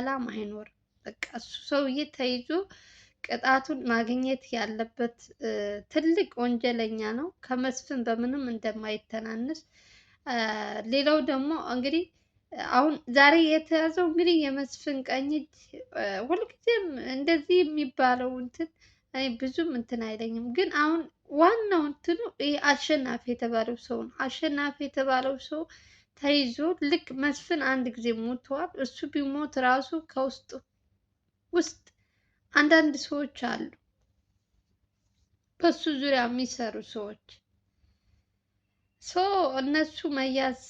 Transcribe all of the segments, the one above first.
ሰላም አይኖር በቃ እሱ ሰውዬ ተይዞ ቅጣቱን ማግኘት ያለበት ትልቅ ወንጀለኛ ነው። ከመስፍን በምንም እንደማይተናነስ። ሌላው ደግሞ እንግዲህ አሁን ዛሬ የተያዘው እንግዲህ የመስፍን ቀኝ እጅ ሁልጊዜም እንደዚህ የሚባለው እንትን እኔ ብዙም እንትን አይለኝም፣ ግን አሁን ዋናው እንትኑ ይህ አሸናፊ የተባለው ሰው ነው። አሸናፊ የተባለው ሰው ተይዞ ልክ መስፍን አንድ ጊዜ ሞተዋል። እሱ ቢሞት ራሱ ከውስጥ ውስጥ አንዳንድ ሰዎች አሉ፣ በሱ ዙሪያ የሚሰሩ ሰዎች ሶ እነሱ መያዝ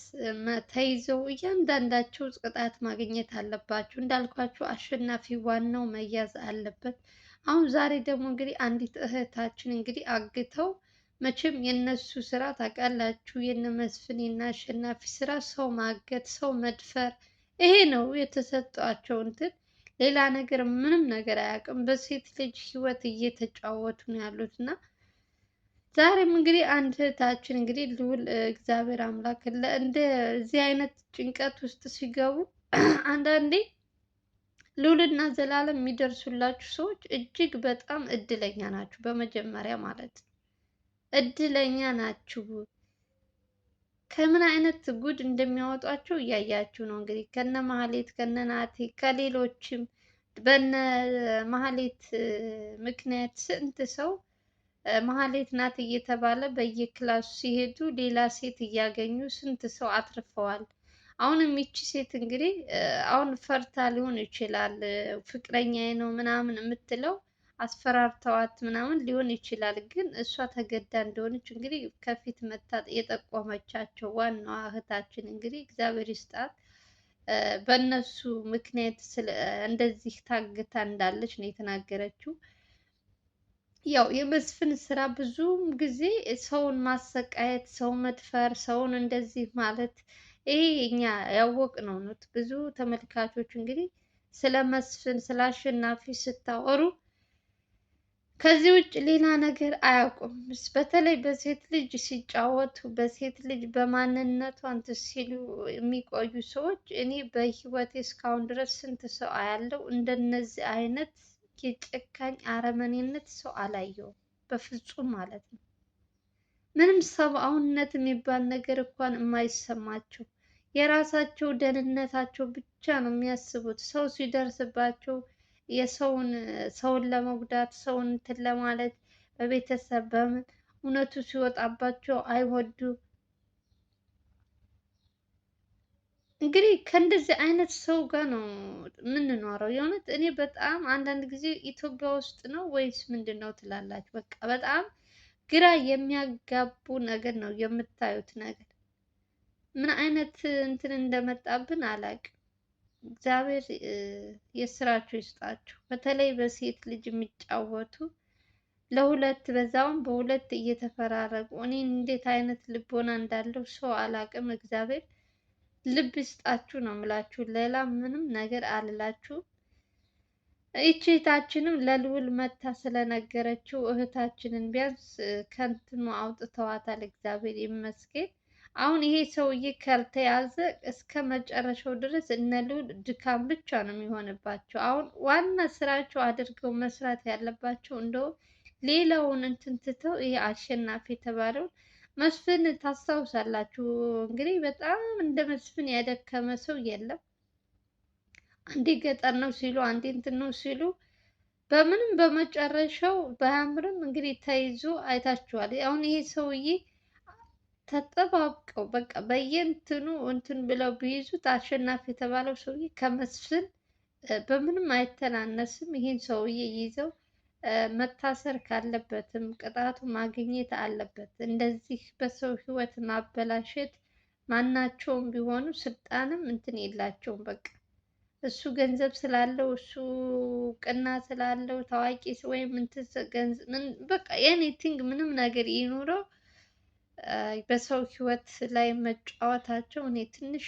ተይዘው እያንዳንዳቸው ቅጣት ማግኘት አለባቸው። እንዳልኳቸው አሸናፊ ዋናው መያዝ አለበት። አሁን ዛሬ ደግሞ እንግዲህ አንዲት እህታችን እንግዲህ አግተው መቼም የነሱ ስራ ታውቃላችሁ፣ የነ መስፍን የነ አሸናፊ ስራ ሰው ማገት፣ ሰው መድፈር፣ ይሄ ነው የተሰጧቸው እንትን። ሌላ ነገር ምንም ነገር አያውቅም። በሴት ልጅ ህይወት እየተጫወቱ ነው ያሉት እና ዛሬም እንግዲህ አንድ እህታችን እንግዲህ ልውል እግዚአብሔር አምላክ እንደዚህ አይነት ጭንቀት ውስጥ ሲገቡ አንዳንዴ ልውልና ዘላለም የሚደርሱላችሁ ሰዎች እጅግ በጣም እድለኛ ናችሁ። በመጀመሪያ ማለት ነው እድለኛ ናችሁ። ከምን አይነት ጉድ እንደሚያወጧቸው እያያችሁ ነው እንግዲህ ከነ ማህሌት ከነ ናቴ ከሌሎችም በነ ማህሌት ምክንያት ስንት ሰው ማህሌት ናት እየተባለ በየክላሱ ሲሄዱ ሌላ ሴት እያገኙ ስንት ሰው አትርፈዋል። አሁንም ይቺ ሴት እንግዲህ አሁን ፈርታ ሊሆን ይችላል ፍቅረኛዬ ነው ምናምን የምትለው አስፈራርተዋት ምናምን ሊሆን ይችላል። ግን እሷ ተገዳ እንደሆነች እንግዲህ ከፊት መታ የጠቆመቻቸው ዋናዋ እህታችን እንግዲህ እግዚአብሔር ይስጣት። በእነሱ ምክንያት እንደዚህ ታግታ እንዳለች ነው የተናገረችው። ያው የመስፍን ስራ ብዙም ጊዜ ሰውን ማሰቃየት፣ ሰው መድፈር፣ ሰውን እንደዚህ ማለት ይሄ እኛ ያወቅ ነው ኑት ብዙ ተመልካቾች እንግዲህ ስለ መስፍን ስለ አሸናፊ ስታወሩ ከዚህ ውጭ ሌላ ነገር አያውቁም። በተለይ በሴት ልጅ ሲጫወቱ፣ በሴት ልጅ በማንነቷ እንትን ሲሉ የሚቆዩ ሰዎች እኔ በህይወቴ እስካሁን ድረስ ስንት ሰው አያለው እንደነዚህ አይነት የጨካኝ አረመኔነት ሰው አላየውም በፍጹም ማለት ነው። ምንም ሰብአውነት የሚባል ነገር እንኳን የማይሰማቸው የራሳቸው ደህንነታቸው ብቻ ነው የሚያስቡት ሰው ሲደርስባቸው የሰውን ሰውን ለመጉዳት ሰውን እንትን ለማለት በቤተሰብ በምን እውነቱ ሲወጣባቸው አይወዱ። እንግዲህ ከእንደዚህ አይነት ሰው ጋር ነው የምንኖረው። የእውነት እኔ በጣም አንዳንድ ጊዜ ኢትዮጵያ ውስጥ ነው ወይስ ምንድን ነው ትላላችሁ? በቃ በጣም ግራ የሚያጋቡ ነገር ነው የምታዩት ነገር። ምን አይነት እንትን እንደመጣብን አላቅም። እግዚአብሔር የስራችሁ ይስጣችሁ በተለይ በሴት ልጅ የሚጫወቱ ለሁለት በዛውም በሁለት እየተፈራረቁ እኔ እንዴት አይነት ልቦና እንዳለው ሰው አላቅም። እግዚአብሔር ልብ ይስጣችሁ ነው የምላችሁ። ሌላ ምንም ነገር አልላችሁም። ይቺ እህታችንም መታ ስለነገረችው እህታችንን ቢያንስ ከንትኑ አውጥተዋታል። እግዚአብሔር ይመስገን። አሁን ይሄ ሰውዬ ካልተያዘ እስከ መጨረሻው ድረስ እነ ልዑል ድካም ብቻ ነው የሚሆንባቸው። አሁን ዋና ስራቸው አድርገው መስራት ያለባቸው እንደውም ሌላውን እንትን ትተው ይሄ አሸናፊ የተባለውን መስፍን ታስታውሳላችሁ እንግዲህ በጣም እንደ መስፍን ያደከመ ሰው የለም። አንዴ ገጠር ነው ሲሉ፣ አንዴ እንትን ነው ሲሉ በምንም በመጨረሻው በአእምርም እንግዲህ ተይዞ አይታችኋል። አሁን ይሄ ሰውዬ ተጠባብቀው በቃ በየእንትኑ እንትን ብለው ቢይዙት አሸናፊ የተባለው ሰውዬ ከመስፍን በምንም አይተናነስም። ይህን ሰውዬ ይዘው መታሰር ካለበትም ቅጣቱ ማግኘት አለበት። እንደዚህ በሰው ህይወት ማበላሸት ማናቸውም ቢሆኑ ስልጣንም እንትን የላቸውም። በቃ እሱ ገንዘብ ስላለው እሱ ቅና ስላለው ታዋቂ ወይም እንትን በቃ ኤኒቲንግ ምንም ነገር ይኑረው በሰው ህይወት ላይ መጫወታቸው እኔ ትንሽ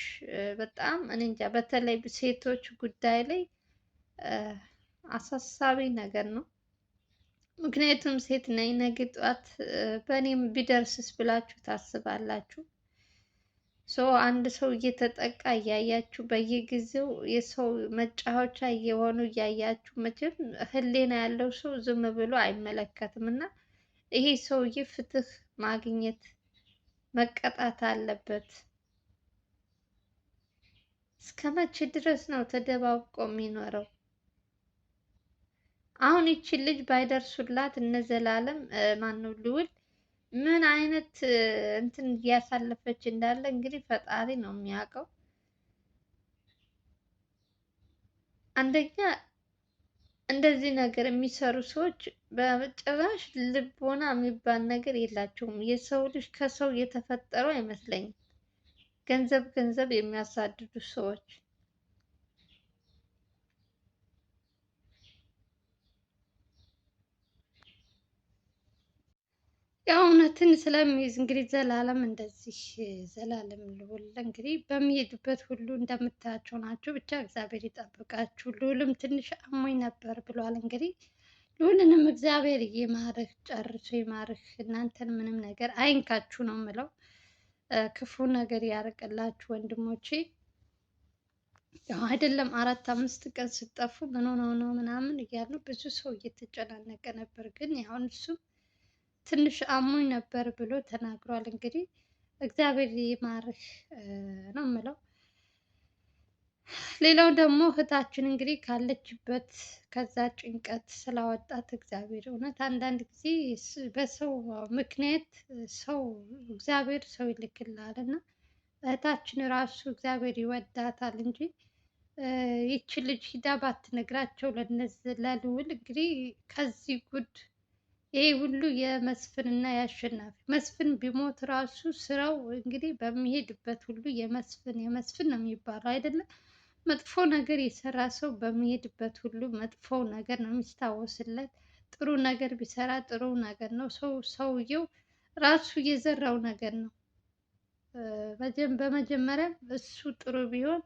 በጣም እኔ እንጃ፣ በተለይ ሴቶች ጉዳይ ላይ አሳሳቢ ነገር ነው። ምክንያቱም ሴት ነኝ ነገ ጠዋት በእኔም ቢደርስስ ብላችሁ ታስባላችሁ። ሶ አንድ ሰው እየተጠቃ እያያችሁ በየጊዜው የሰው መጫወቻ እየሆኑ እያያችሁ መቼም ሕሊና ያለው ሰው ዝም ብሎ አይመለከትም እና ይሄ ሰውዬ ፍትህ ማግኘት መቀጣት አለበት። እስከ መቼ ድረስ ነው ተደባብቆ የሚኖረው? አሁን ይቺ ልጅ ባይደርሱላት እነ ዘላለም ማነው ልውል ምን አይነት እንትን እያሳለፈች እንዳለ እንግዲህ ፈጣሪ ነው የሚያውቀው። አንደኛ እንደዚህ ነገር የሚሰሩ ሰዎች በጭራሽ ልቦና የሚባል ነገር የላቸውም። የሰው ልጅ ከሰው የተፈጠረው አይመስለኝም። ገንዘብ ገንዘብ የሚያሳድዱ ሰዎች ያው እውነትን ስለሚይዝ እንግዲህ ዘላለም እንደዚህ ዘላለም ልውል እንግዲህ በሚሄዱበት ሁሉ እንደምታያቸው ናቸው። ብቻ እግዚአብሔር ይጠብቃችሁ። ልውልም ትንሽ አሞኝ ነበር ብሏል። እንግዲህ ልውልንም እግዚአብሔር ይማርህ፣ ጨርሶ ይማርህ። እናንተን ምንም ነገር አይንካችሁ ነው ምለው ክፉ ነገር ያርቅላችሁ ወንድሞቼ። ያው አይደለም አራት አምስት ቀን ስጠፉ ምን ሆነው ነው ምናምን እያሉ ብዙ ሰው እየተጨናነቀ ነበር። ግን ያሁን እሱም ትንሽ አሞኝ ነበር ብሎ ተናግሯል። እንግዲህ እግዚአብሔር ይማርሽ ነው የምለው። ሌላው ደግሞ እህታችን እንግዲህ ካለችበት ከዛ ጭንቀት ስላወጣት እግዚአብሔር እውነት አንዳንድ ጊዜ በሰው ምክንያት ሰው እግዚአብሔር ሰው ይልክላል እና እህታችን ራሱ እግዚአብሔር ይወዳታል እንጂ ይቺ ልጅ ሂዳ ባትነግራቸው ለልውል እንግዲህ ከዚህ ጉድ ይሄ ሁሉ የመስፍንና የአሸናፊ መስፍን ቢሞት ራሱ ስራው እንግዲህ በሚሄድበት ሁሉ የመስፍን የመስፍን ነው የሚባለው አይደለም። መጥፎ ነገር የሰራ ሰው በሚሄድበት ሁሉ መጥፎ ነገር ነው የሚስታወስለት ጥሩ ነገር ቢሰራ ጥሩ ነገር ነው። ሰው ሰውየው ራሱ የዘራው ነገር ነው። በመጀመሪያ እሱ ጥሩ ቢሆን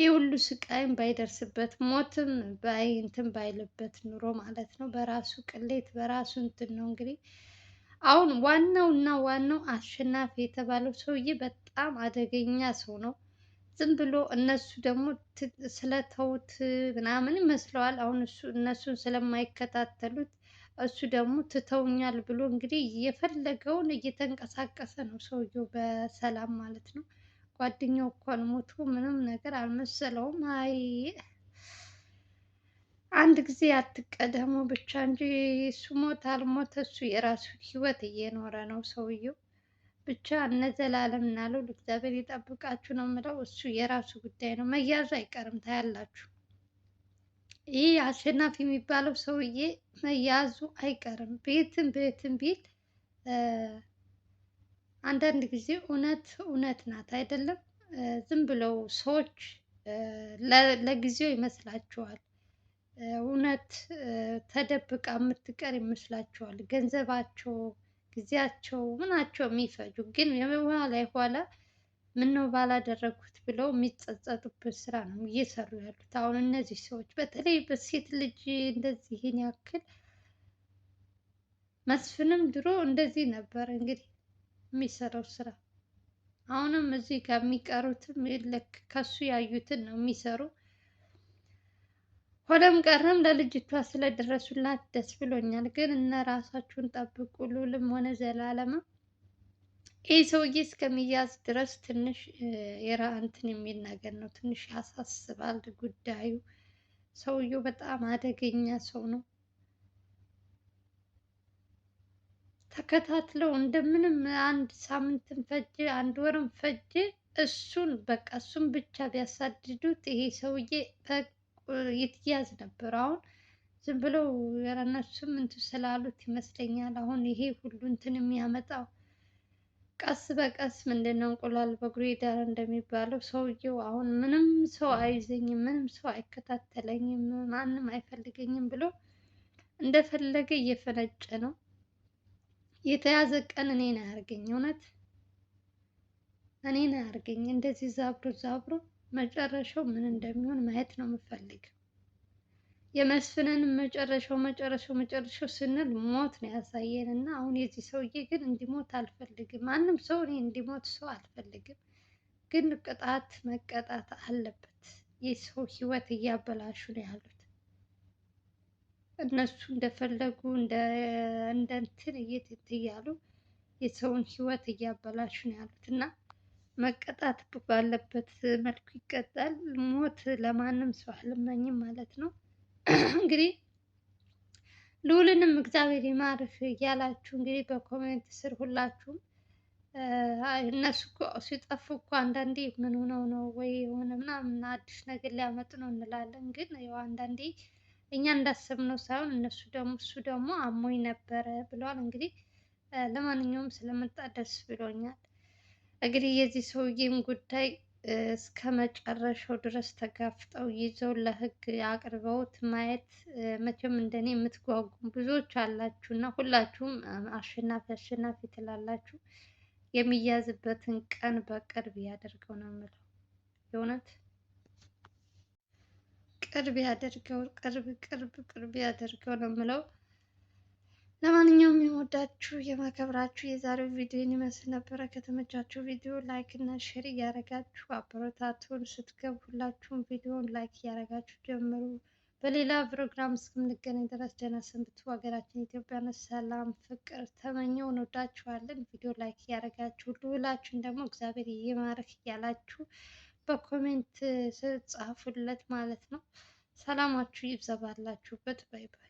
ይህ ሁሉ ስቃይም ባይደርስበት ሞትም ባይ እንትን ባይልበት ኑሮ ማለት ነው። በራሱ ቅሌት በራሱ እንትን ነው እንግዲህ አሁን ዋናው እና ዋናው አሸናፊ የተባለው ሰውዬ በጣም አደገኛ ሰው ነው። ዝም ብሎ እነሱ ደግሞ ስለተውት ምናምን ይመስለዋል። አሁን እሱ እነሱን ስለማይከታተሉት እሱ ደግሞ ትተውኛል ብሎ እንግዲህ የፈለገውን እየተንቀሳቀሰ ነው ሰውየው በሰላም ማለት ነው። ጓደኛው እንኳን ሞቶ ምንም ነገር አልመሰለውም። አይ አንድ ጊዜ አትቀደሙ ብቻ እንጂ እሱ ሞት አልሞተ እሱ የራሱ ህይወት እየኖረ ነው ሰውየው። ብቻ እነ ዘላለም እና እግዚአብሔር ይጠብቃችሁ ነው የምለው። እሱ የራሱ ጉዳይ ነው፣ መያዙ አይቀርም ታያላችሁ። ይህ አሸናፊ የሚባለው ሰውዬ መያዙ አይቀርም ቤትም ቤትም ቢል አንዳንድ ጊዜ እውነት እውነት ናት አይደለም። ዝም ብለው ሰዎች ለጊዜው ይመስላችኋል እውነት ተደብቃ የምትቀር ይመስላችኋል። ገንዘባቸው፣ ጊዜያቸው፣ ምናቸው የሚፈጁ ግን ኋላ ኋላ ምነው ባላደረጉት ብለው የሚጸጸጡበት ስራ ነው እየሰሩ ያሉት። አሁን እነዚህ ሰዎች በተለይ በሴት ልጅ እንደዚህ ይህን ያክል መስፍንም ድሮ እንደዚህ ነበር እንግዲህ የሚሰራው ስራ። አሁንም እዚህ ጋር የሚቀሩትም ልክ ከሱ ያዩትን ነው የሚሰሩ። ሆነም ቀረም ለልጅቷ ስለደረሱላት ደስ ብሎኛል። ግን እነ ራሳችሁን ጠብቁ። ሉልም ሆነ ዘላለምም ይህ ሰውዬ እስከሚያዝ ድረስ ትንሽ የራ እንትን የሚል ነገር ነው። ትንሽ ያሳስባል ጉዳዩ። ሰውየው በጣም አደገኛ ሰው ነው። ተከታትለው እንደምንም አንድ ሳምንትም ፈጀ አንድ ወርም ፈጀ። እሱን በቃ እሱን ብቻ ቢያሳድዱት ይሄ ሰውዬ ይትያዝ ነበር። አሁን ዝም ብለው እነሱም እንትን ስላሉት ይመስለኛል። አሁን ይሄ ሁሉ እንትን የሚያመጣው ቀስ በቀስ ምንድነው እንቁላል በእግሩ ይዳር እንደሚባለው ሰውየው አሁን ምንም ሰው አይዘኝም፣ ምንም ሰው አይከታተለኝም፣ ማንም አይፈልገኝም ብሎ እንደፈለገ እየፈነጨ ነው። የተያዘ ቀን እኔን አያርገኝ፣ እውነት እኔን አያርገኝ። እንደዚህ ዛብሮ ዛብሮ መጨረሻው ምን እንደሚሆን ማየት ነው የምፈልገው። የመስፍንን መጨረሻው መጨረሻው መጨረሻው ስንል ሞት ነው ያሳየን እና አሁን የዚህ ሰውዬ ግን እንዲሞት አልፈልግም። ማንም ሰው እኔ እንዲሞት ሰው አልፈልግም፣ ግን ቅጣት መቀጣት አለበት። የሰው ህይወት እያበላሹ ነው ያሉት። እነሱ እንደፈለጉ እንደ እንትን እየት እያሉ የሰውን ህይወት እያበላሹ ነው ያሉት እና መቀጣት ባለበት መልኩ ይቀጣል። ሞት ለማንም ሰው አልመኝም ማለት ነው። እንግዲህ ልዑልንም እግዚአብሔር ይማርህ እያላችሁ እንግዲህ በኮሜንት ስር ሁላችሁም እነሱ ሲጠፉ እኮ አንዳንዴ ምን ሆነው ነው ወይ የሆነ ምናምን አዲስ ነገር ሊያመጡ ነው እንላለን። ግን ያው አንዳንዴ እኛ እንዳሰብነው ሳይሆን እነሱ ደግሞ እሱ ደግሞ አሞኝ ነበረ ብለዋል። እንግዲህ ለማንኛውም ስለመጣ ደስ ብሎኛል። እንግዲህ የዚህ ሰውዬም ጉዳይ እስከ መጨረሻው ድረስ ተጋፍጠው ይዘው ለህግ አቅርበውት ማየት መቼም እንደኔ የምትጓጉ ብዙዎች አላችሁ እና ሁላችሁም አሸናፊ አሸናፊ ትላላችሁ። የሚያዝበትን ቀን በቅርብ ያደርገው ነው የምለው የእውነት ቅርብ ያደርገው፣ ቅርብ ቅርብ ቅርብ ያደርገው ነው የምለው። ለማንኛውም የምወዳችሁ የማከብራችሁ የዛሬው ቪዲዮን ይመስል ነበረ። ከተመቻችሁ ቪዲዮ ላይክ እና ሼር እያደረጋችሁ አበረታቱን። ስትገቡ ሁላችሁም ቪዲዮን ላይክ እያደረጋችሁ ጀምሩ። በሌላ ፕሮግራም እስከምንገናኝ ድረስ ደህና ሰንብቱ። ሀገራችን ኢትዮጵያን ሰላም፣ ፍቅር ተመኘው። እንወዳችኋለን። ቪዲዮ ላይክ እያደረጋችሁ ሁላችሁም ደግሞ እግዚአብሔር ይማርክ እያላችሁ በኮሜንት ጻፉለት ማለት ነው። ሰላማችሁ ይብዛ ባላችሁበት። ባይ ባይ።